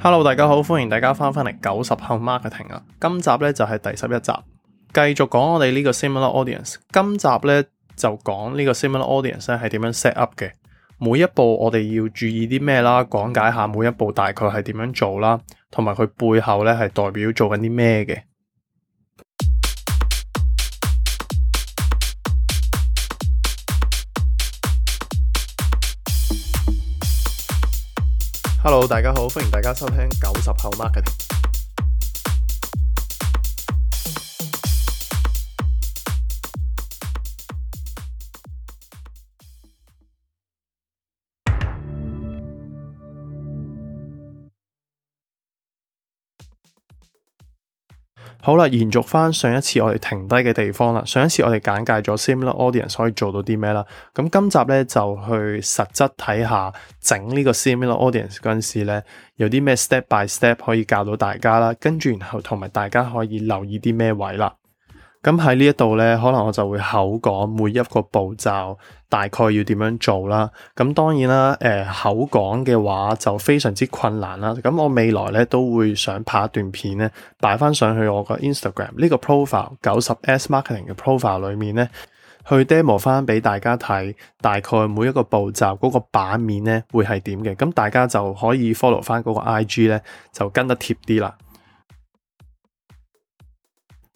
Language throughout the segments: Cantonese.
Hello，大家好，歡迎大家翻返嚟九十後 marketing 啊，今集咧就係第十一集，繼續講我哋呢個 similar audience。今集咧就講呢個 similar audience 咧係點樣 set up 嘅，每一步我哋要注意啲咩啦，講解下每一步大概係點樣做啦，同埋佢背後咧係代表做緊啲咩嘅。Hello，大家好，歡迎大家收聽九十後 Marketing。好啦，延續翻上一次我哋停低嘅地方啦。上一次我哋簡介咗 Similar Audience 可以做到啲咩啦。咁今集咧就去實質睇下整呢個 Similar Audience 嗰陣時咧有啲咩 step by step 可以教到大家啦。跟住然後同埋大家可以留意啲咩位啦。咁喺呢一度咧，可能我就會口講每一個步驟大概要點樣做啦。咁當然啦，誒、呃、口講嘅話就非常之困難啦。咁我未來咧都會想拍一段片咧，擺翻上去我 Inst 個 Instagram 呢個 profile，九十 S Marketing 嘅 profile 裡面咧，去 demo 翻俾大家睇，大概每一個步驟嗰個版面咧會係點嘅。咁大家就可以 follow 翻嗰個 IG 咧，就跟得貼啲啦。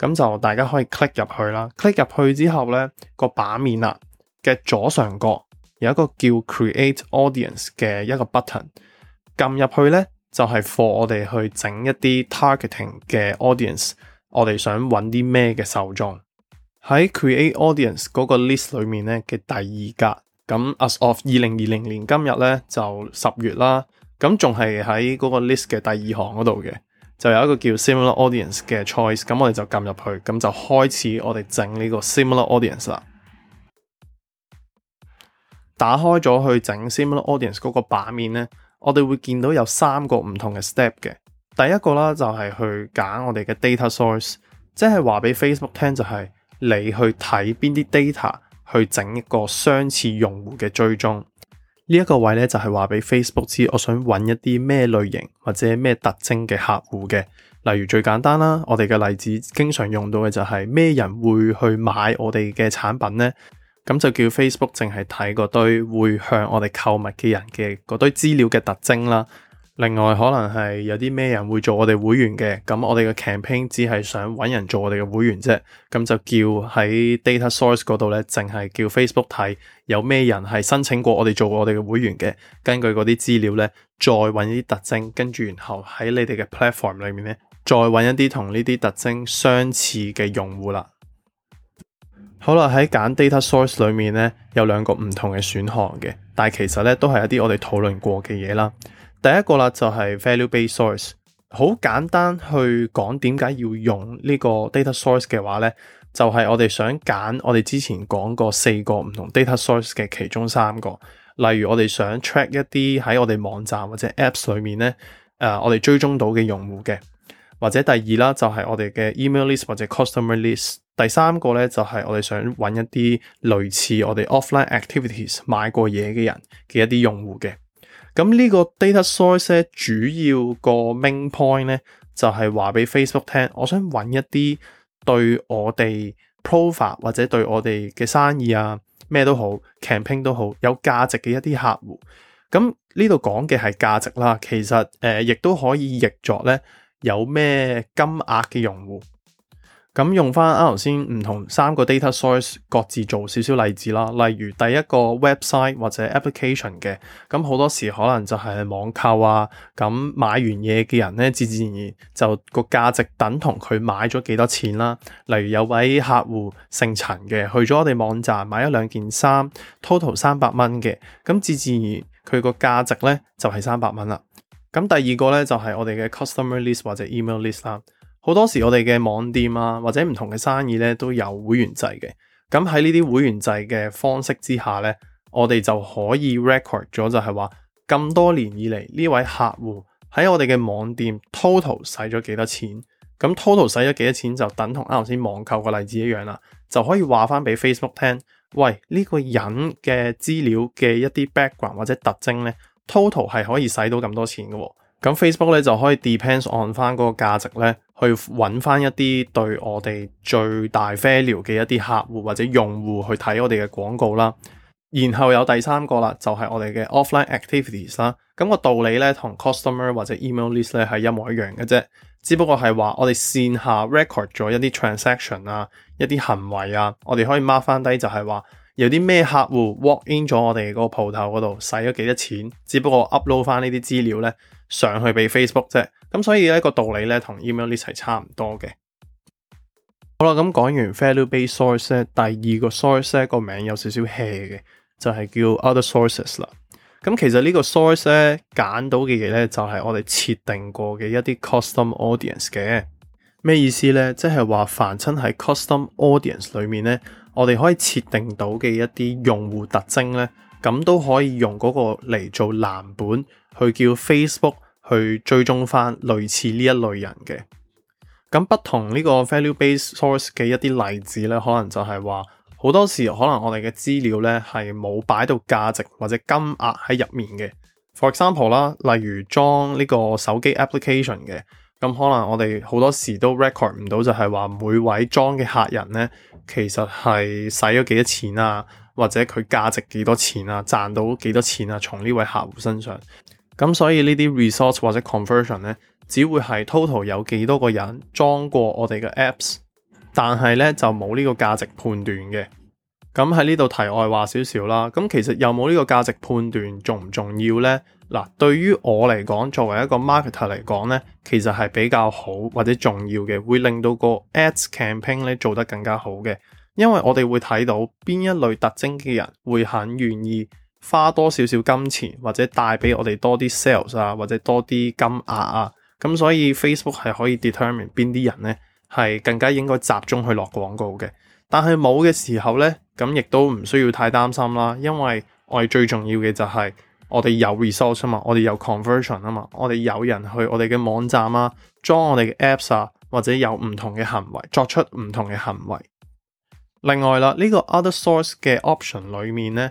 咁就大家可以 click 入去啦，click 入去之後呢個版面喇嘅左上角有一個叫 Create Audience 嘅一個 button，撳入去呢就係 for 我哋去整一啲 targeting 嘅 audience，我哋想揾啲咩嘅受眾。喺 Create Audience 嗰個 list 裏面呢嘅第二格，咁 as of 二零二零年今日呢就十月啦，咁仲係喺嗰個 list 嘅第二行嗰度嘅。就有一個叫 Similar Audience 嘅 choice，咁我哋就撳入去，咁就開始我哋整呢個 Similar Audience 啦。打開咗去整 Similar Audience 嗰個版面呢，我哋會見到有三個唔同嘅 step 嘅。第一個啦，就係去揀我哋嘅 data source，即係話俾 Facebook 聽就係你去睇邊啲 data 去整一個相似用戶嘅追蹤。呢一個位咧就係話俾 Facebook 知，我想揾一啲咩類型或者咩特徵嘅客戶嘅。例如最簡單啦，我哋嘅例子經常用到嘅就係咩人會去買我哋嘅產品呢？咁就叫 Facebook 淨係睇嗰堆會向我哋購物嘅人嘅嗰堆資料嘅特徵啦。另外，可能係有啲咩人會做我哋會員嘅，咁我哋嘅 campaign 只係想揾人做我哋嘅會員啫，咁就叫喺 data source 嗰度咧，淨係叫 Facebook 睇有咩人係申請過我哋做我哋嘅會員嘅，根據嗰啲資料咧，再揾啲特徵，跟住然後喺你哋嘅 platform 裏面咧，再揾一啲同呢啲特徵相似嘅用戶啦。好啦，喺揀 data source 裏面咧，有兩個唔同嘅選項嘅，但係其實咧都係一啲我哋討論過嘅嘢啦。第一個啦，就係 value-based source。好簡單去講點解要用呢個 data source 嘅話呢就係、是、我哋想揀我哋之前講過四個唔同 data source 嘅其中三個。例如我哋想 check 一啲喺我哋網站或者 apps 裏面呢，誒、呃、我哋追蹤到嘅用戶嘅，或者第二啦，就係我哋嘅 email list 或者 customer list。第三個呢就係我哋想揾一啲類似我哋 offline activities 買過嘢嘅人嘅一啲用戶嘅。咁呢個 data source 咧，主要個 main point 咧，就係話俾 Facebook 聽，我想揾一啲對我哋 profile 或者對我哋嘅生意啊，咩都好，camping 都好，有價值嘅一啲客戶。咁呢度講嘅係價值啦，其實誒、呃，亦都可以譯作咧，有咩金額嘅用戶。咁用翻啱頭先唔同三個 data source 各自做少少例子啦，例如第一個 website 或者 application 嘅，咁好多時可能就係網購啊，咁買完嘢嘅人咧，自自然然就個價值等同佢買咗幾多錢啦。例如有位客戶姓陳嘅，去咗我哋網站買咗兩件衫，total 三百蚊嘅，咁自自然佢個價值咧就係三百蚊啦。咁第二個咧就係我哋嘅 customer list 或者 email list 啦。好多時我哋嘅網店啊，或者唔同嘅生意咧，都有會員制嘅。咁喺呢啲會員制嘅方式之下咧，我哋就可以 record 咗，就係話咁多年以嚟呢位客戶喺我哋嘅網店 total 使咗幾多錢？咁 total 使咗幾多錢就等同啱先網購個例子一樣啦，就可以話翻俾 Facebook 聽，喂，這，呢個人嘅資料嘅一啲 background 或者特徵咧，total 係可以使到咁多錢嘅，啊。咁 Facebook 咧就可以 depends on 翻嗰個價值咧。去揾翻一啲對我哋最大 failure 嘅一啲客戶或者用戶去睇我哋嘅廣告啦，然後有第三個啦，就係、是、我哋嘅 offline activities 啦。咁、嗯那個道理呢，同 customer 或者 email list 呢係一模一樣嘅啫，只不過係話我哋線下 record 咗一啲 transaction 啊，一啲行為啊，我哋可以 mark 翻低，就係話有啲咩客戶 walk in 咗我哋嗰個鋪頭嗰度，使咗幾多錢，只不過 upload 翻呢啲資料呢，上去俾 Facebook 啫。咁所以咧個道理咧同 email list 係差唔多嘅。好啦，咁講完 value-based source，呢第二個 source 個名有少少 hea 嘅，就係、是、叫 other sources 啦。咁其實個呢個 source 咧揀到嘅嘢咧，就係、是、我哋設定過嘅一啲 custom audience 嘅。咩意思咧？即係話凡親喺 custom audience 裏面咧，我哋可以設定到嘅一啲用戶特徵咧，咁都可以用嗰個嚟做藍本去叫 Facebook。去追蹤翻類似呢一類人嘅，咁不同呢個 value-based source 嘅一啲例子呢，可能就係話好多時可能我哋嘅資料呢係冇擺到價值或者金額喺入面嘅。For example 啦，例如裝呢個手機 application 嘅，咁可能我哋好多時都 record 唔到，就係話每位裝嘅客人呢，其實係使咗幾多錢啊，或者佢價值幾多錢啊，賺到幾多錢啊，從呢位客戶身上。咁所以呢啲 resource 或者 conversion 咧，只會係 total 有幾多個人裝過我哋嘅 apps，但係咧就冇呢個價值判斷嘅。咁喺呢度題外話少少啦。咁其實有冇呢個價值判斷重唔重要呢？嗱、啊，對於我嚟講，作為一個 marketer 嚟講呢，其實係比較好或者重要嘅，會令到個 ads campaign 咧做得更加好嘅，因為我哋會睇到邊一類特徵嘅人會肯願意。花多少少金錢或者帶俾我哋多啲 sales 啊，或者多啲金額啊，咁所以 Facebook 係可以 determine 邊啲人呢，係更加應該集中去落廣告嘅。但係冇嘅時候呢，咁亦都唔需要太擔心啦，因為我哋最重要嘅就係我哋有 resource 啊嘛，我哋有 conversion 啊嘛，我哋有人去我哋嘅網站啊，裝我哋嘅 apps 啊，或者有唔同嘅行為，作出唔同嘅行為。另外啦，呢個 other source 嘅 option 裏面呢。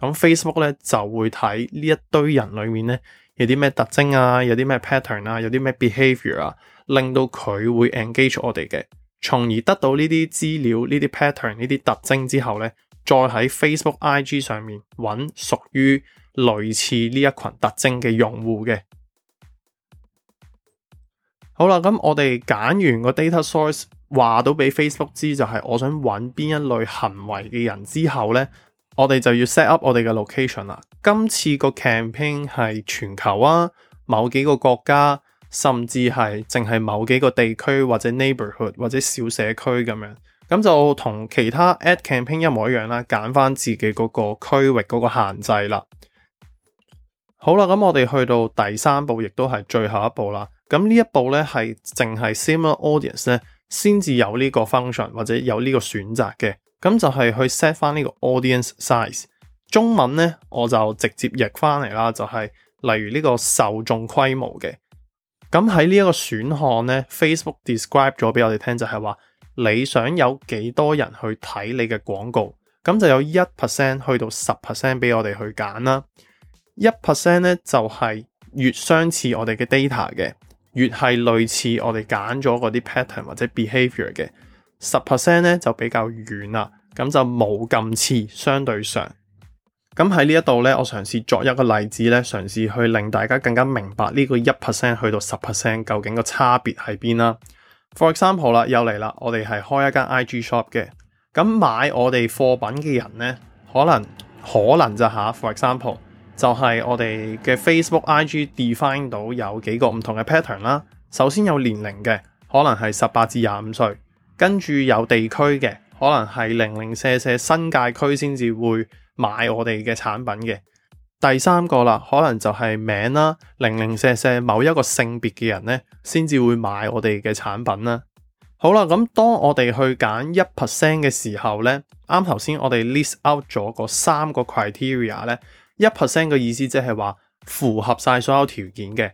咁 Facebook 咧就會睇呢一堆人裏面咧有啲咩特徵啊，有啲咩 pattern 啊，有啲咩 behavior 啊，令到佢會 engage 我哋嘅，從而得到呢啲資料、呢啲 pattern、呢啲特徵之後咧，再喺 Facebook IG 上面揾屬於類似呢一群特徵嘅用戶嘅。好啦，咁我哋揀完個 data source，話到俾 Facebook 知就係我想揾邊一類行為嘅人之後咧。我哋就要 set up 我哋嘅 location 啦。今次個 campaign 係全球啊，某幾個國家，甚至係淨係某幾個地區或者 neighborhood 或者小社區咁樣，咁就同其他 ad campaign 一模一樣啦，揀翻自己嗰個區域嗰個限制啦。好啦，咁我哋去到第三步，亦都係最後一步啦。咁呢一步咧係淨係 similar audience 咧，先至有呢個 function 或者有呢個選擇嘅。咁就係去 set 翻呢個 audience size。中文呢我就直接譯翻嚟啦，就係例如呢個受眾規模嘅。咁喺呢一個選項呢 Facebook describe 咗俾我哋聽，就係話你想有幾多人去睇你嘅廣告？咁就有一 percent 去到十 percent 俾我哋去揀啦。一 percent 咧就係越相似我哋嘅 data 嘅，越係類似我哋揀咗嗰啲 pattern 或者 behavior 嘅。十 percent 咧就比較遠啦，咁就冇咁似，相對上咁喺呢一度呢，我嘗試作一個例子呢，嘗試去令大家更加明白呢個一 percent 去到十 percent 究竟個差別喺邊啦。For example 啦，又嚟啦，我哋係開一間 I G shop 嘅，咁買我哋貨品嘅人呢，可能可能就吓、是啊。For example 就係我哋嘅 Facebook I G define 到有幾個唔同嘅 pattern 啦。首先有年齡嘅，可能係十八至廿五歲。跟住有地區嘅，可能係零零舍舍新界區先至會買我哋嘅產品嘅。第三個啦，可能就係名啦，零零舍舍某一個性別嘅人咧，先至會買我哋嘅產品啦。好啦，咁當我哋去揀一 percent 嘅時候咧，啱頭先我哋 list out 咗嗰三個 criteria 咧，一 percent 嘅意思即係話符合晒所有條件嘅，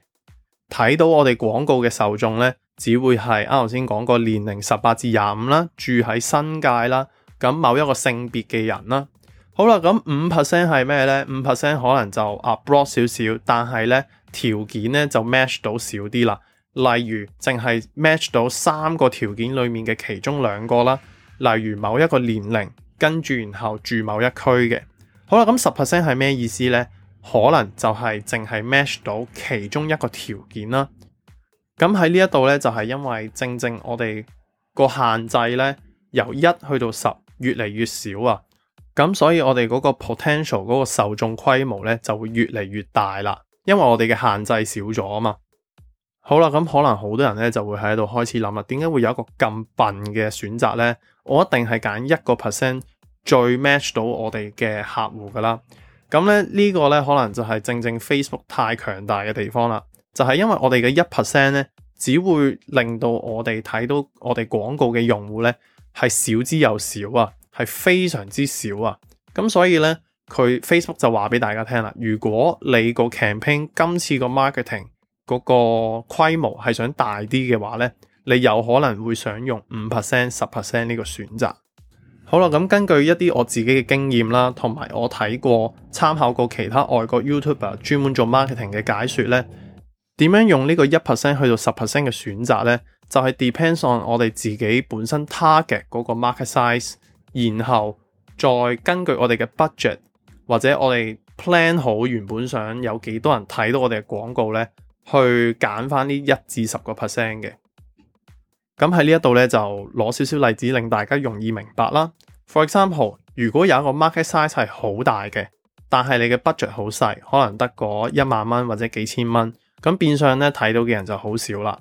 睇到我哋廣告嘅受眾咧。只會係啱頭先講個年齡十八至廿五啦，住喺新界啦，咁某一個性別嘅人啦。好啦，咁五 percent 係咩呢？五 percent 可能就 broad 少少，但係呢條件呢就 match 到少啲啦。例如淨係 match 到三個條件裏面嘅其中兩個啦，例如某一個年齡，跟住然後住某一區嘅。好啦，咁十 percent 係咩意思呢？可能就係淨係 match 到其中一個條件啦。咁喺呢一度呢，就係因為正正我哋個限制呢，由一去到十，越嚟越少啊。咁所以我哋嗰個 potential 嗰個受眾規模呢，就會越嚟越大啦。因為我哋嘅限制少咗啊嘛。好啦，咁可能好多人呢，就會喺度開始諗啦，點解會有一個咁笨嘅選擇呢？我一定係揀一個 percent 最 match 到我哋嘅客戶噶啦。咁咧呢個呢，可能就係正正 Facebook 太強大嘅地方啦。就係因為我哋嘅一 percent 咧，只會令到我哋睇到我哋廣告嘅用戶咧係少之又少啊，係非常之少啊。咁所以咧，佢 Facebook 就話俾大家聽啦。如果你個 campaign 今次個 marketing 嗰個規模係想大啲嘅話咧，你有可能會想用五 percent 十 percent 呢個選擇。好啦，咁根據一啲我自己嘅經驗啦，同埋我睇過參考過其他外國 YouTuber 專門做 marketing 嘅解說咧。點樣用呢個一 percent 去到十 percent 嘅選擇呢？就係、是、depends on 我哋自己本身 target 嗰個 market size，然後再根據我哋嘅 budget 或者我哋 plan 好原本想有幾多人睇到我哋嘅廣告呢，去揀翻呢一至十個 percent 嘅。咁喺呢一度呢，就攞少少例子令大家容易明白啦。For example，如果有一個 market size 係好大嘅，但係你嘅 budget 好細，可能得嗰一萬蚊或者幾千蚊。咁變相咧睇到嘅人就好少啦。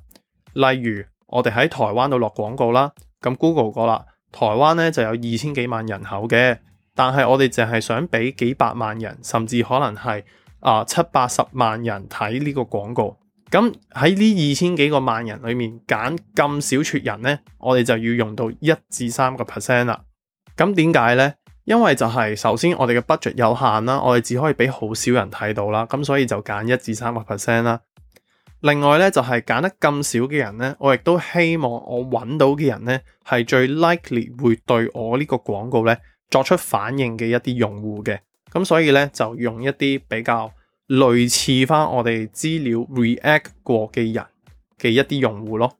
例如我哋喺台灣度落廣告啦，咁 Google 過啦，台灣咧就有二千幾萬人口嘅，但係我哋淨係想俾幾百萬人，甚至可能係啊、呃、七八十萬人睇呢個廣告。咁喺呢二千幾個萬人裏面揀咁少撮人咧，我哋就要用到一至三個 percent 啦。咁點解咧？因為就係首先我哋嘅 budget 有限啦，我哋只可以俾好少人睇到啦，咁所以就揀一至三百 percent 啦。另外咧就係、是、揀得咁少嘅人咧，我亦都希望我揾到嘅人咧係最 likely 會對我個廣呢個廣告咧作出反應嘅一啲用戶嘅，咁所以咧就用一啲比較類似翻我哋資料 react 過嘅人嘅一啲用戶咯。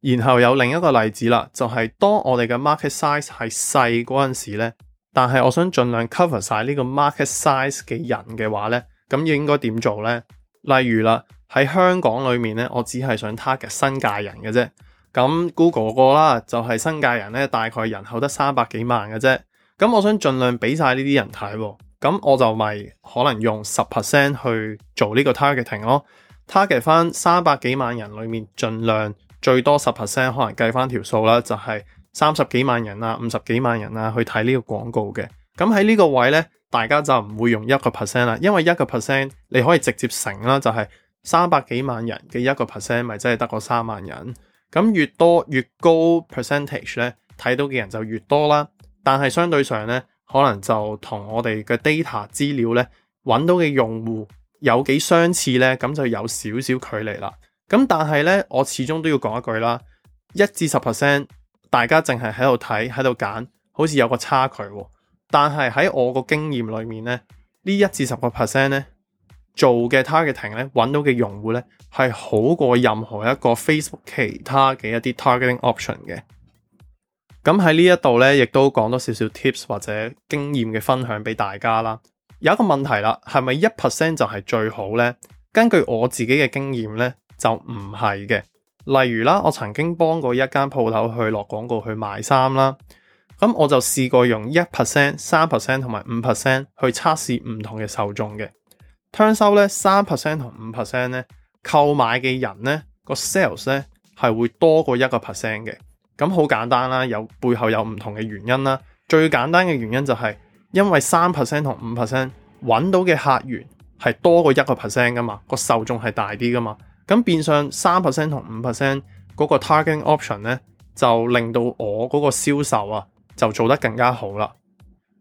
然後有另一個例子啦，就係當我哋嘅 market size 係細嗰陣時咧，但係我想盡量 cover 晒呢個 market size 嘅人嘅話咧，咁應該點做呢？例如啦，喺香港裏面呢，我只係想 target 新界人嘅啫。咁 Google 個啦就係新界人呢，大概人口得三百幾萬嘅啫。咁我想盡量俾晒呢啲人睇，咁我就咪可能用十 percent 去做呢個 targeting 咯，target 翻三百幾萬人裏面盡量。最多十 percent 可能計翻條數啦，就係三十幾萬人啊，五十幾萬人啊去睇呢個廣告嘅。咁喺呢個位呢，大家就唔會用一個 percent 啦，因為一個 percent 你可以直接乘啦，就係三百幾萬人嘅一個 percent，咪真係得個三萬人。咁越多越高 percentage 咧，睇到嘅人就越多啦。但係相對上呢，可能就同我哋嘅 data 資料呢揾到嘅用戶有幾相似呢，咁就有少少距離啦。咁但係咧，我始終都要講一句啦。一至十 percent，大家淨係喺度睇，喺度揀，好似有個差距喎。但係喺我個經驗裏面咧，呢一至十個 percent 咧做嘅 targeting 咧，揾到嘅用戶咧係好過任何一個 Facebook 其他嘅一啲 targeting option 嘅。咁喺呢一度咧，亦都講多少少 tips 或者經驗嘅分享俾大家啦。有一個問題啦，係咪一 percent 就係最好咧？根據我自己嘅經驗咧。就唔係嘅，例如啦，我曾經幫過一間鋪頭去落廣告去賣衫啦。咁我就試過用一 percent、三 percent 同埋五 percent 去測試唔同嘅受眾嘅聽收咧，三 percent 同五 percent 咧，購買嘅人咧，個 sales 咧係會多過一個 percent 嘅。咁好簡單啦，有背後有唔同嘅原因啦。最簡單嘅原因就係、是、因為三 percent 同五 percent 揾到嘅客源係多過一個 percent 噶嘛，個受眾係大啲噶嘛。咁變相三 percent 同五 percent 嗰個 targeting option 咧，就令到我嗰個銷售啊，就做得更加好啦。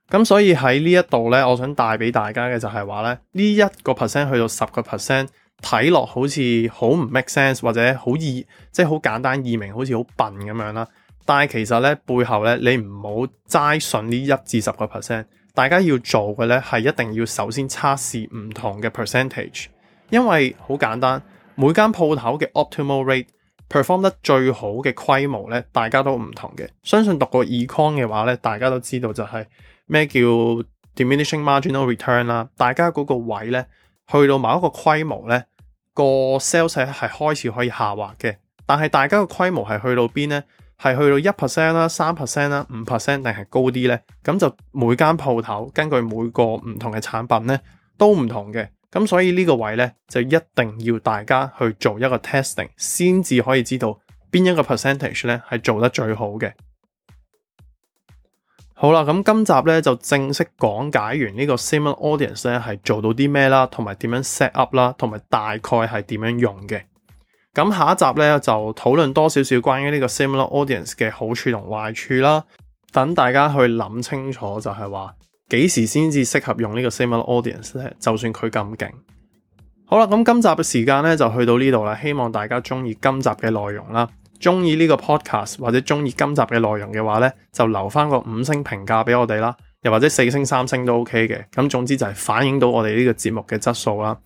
咁所以喺呢一度咧，我想帶俾大家嘅就係話咧，呢一個 percent 去到十個 percent，睇落好似好唔 make sense，或者好易即係好簡單易明，好似好笨咁樣啦。但係其實咧，背後咧，你唔好齋信呢一至十個 percent。大家要做嘅咧係一定要首先測試唔同嘅 percentage，因為好簡單。每間鋪頭嘅 optimal rate perform 得最好嘅規模呢，大家都唔同嘅。相信讀過 econ 嘅話呢，大家都知道就係、是、咩叫 diminishing marginal return 啦。大家嗰個位呢，去到某一個規模呢，個 sales 係開始可以下滑嘅。但係大家嘅規模係去到邊呢？係去到一 percent 啦、三 percent 啦、五 percent 定係高啲呢？咁就每間鋪頭根據每個唔同嘅產品呢，都唔同嘅。咁所以呢個位咧，就一定要大家去做一個 testing，先至可以知道邊一個 percentage 咧，係做得最好嘅。好啦，咁今集咧，就正式講解完呢個 similar audience 咧，係做到啲咩啦，同埋點樣 set up 啦，同埋大概係點樣用嘅。咁下一集咧，就討論多少少關於呢個 similar audience 嘅好處同壞處啦，等大家去諗清楚就係話。幾時先至適合用呢個 similar audience 咧？就算佢咁勁，好啦，咁今集嘅時間咧就去到呢度啦。希望大家中意今集嘅內容啦，中意呢個 podcast 或者中意今集嘅內容嘅話咧，就留翻個五星評價俾我哋啦，又或者四星、三星都 OK 嘅。咁總之就係反映到我哋呢個節目嘅質素啦。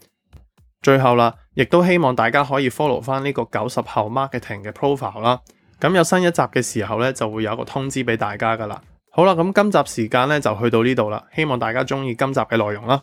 最後啦，亦都希望大家可以 follow 翻呢個九十後 marketing 嘅 profile 啦。咁有新一集嘅時候咧，就會有一個通知俾大家噶啦。好啦，咁今集時間呢就去到呢度啦，希望大家中意今集嘅內容啦。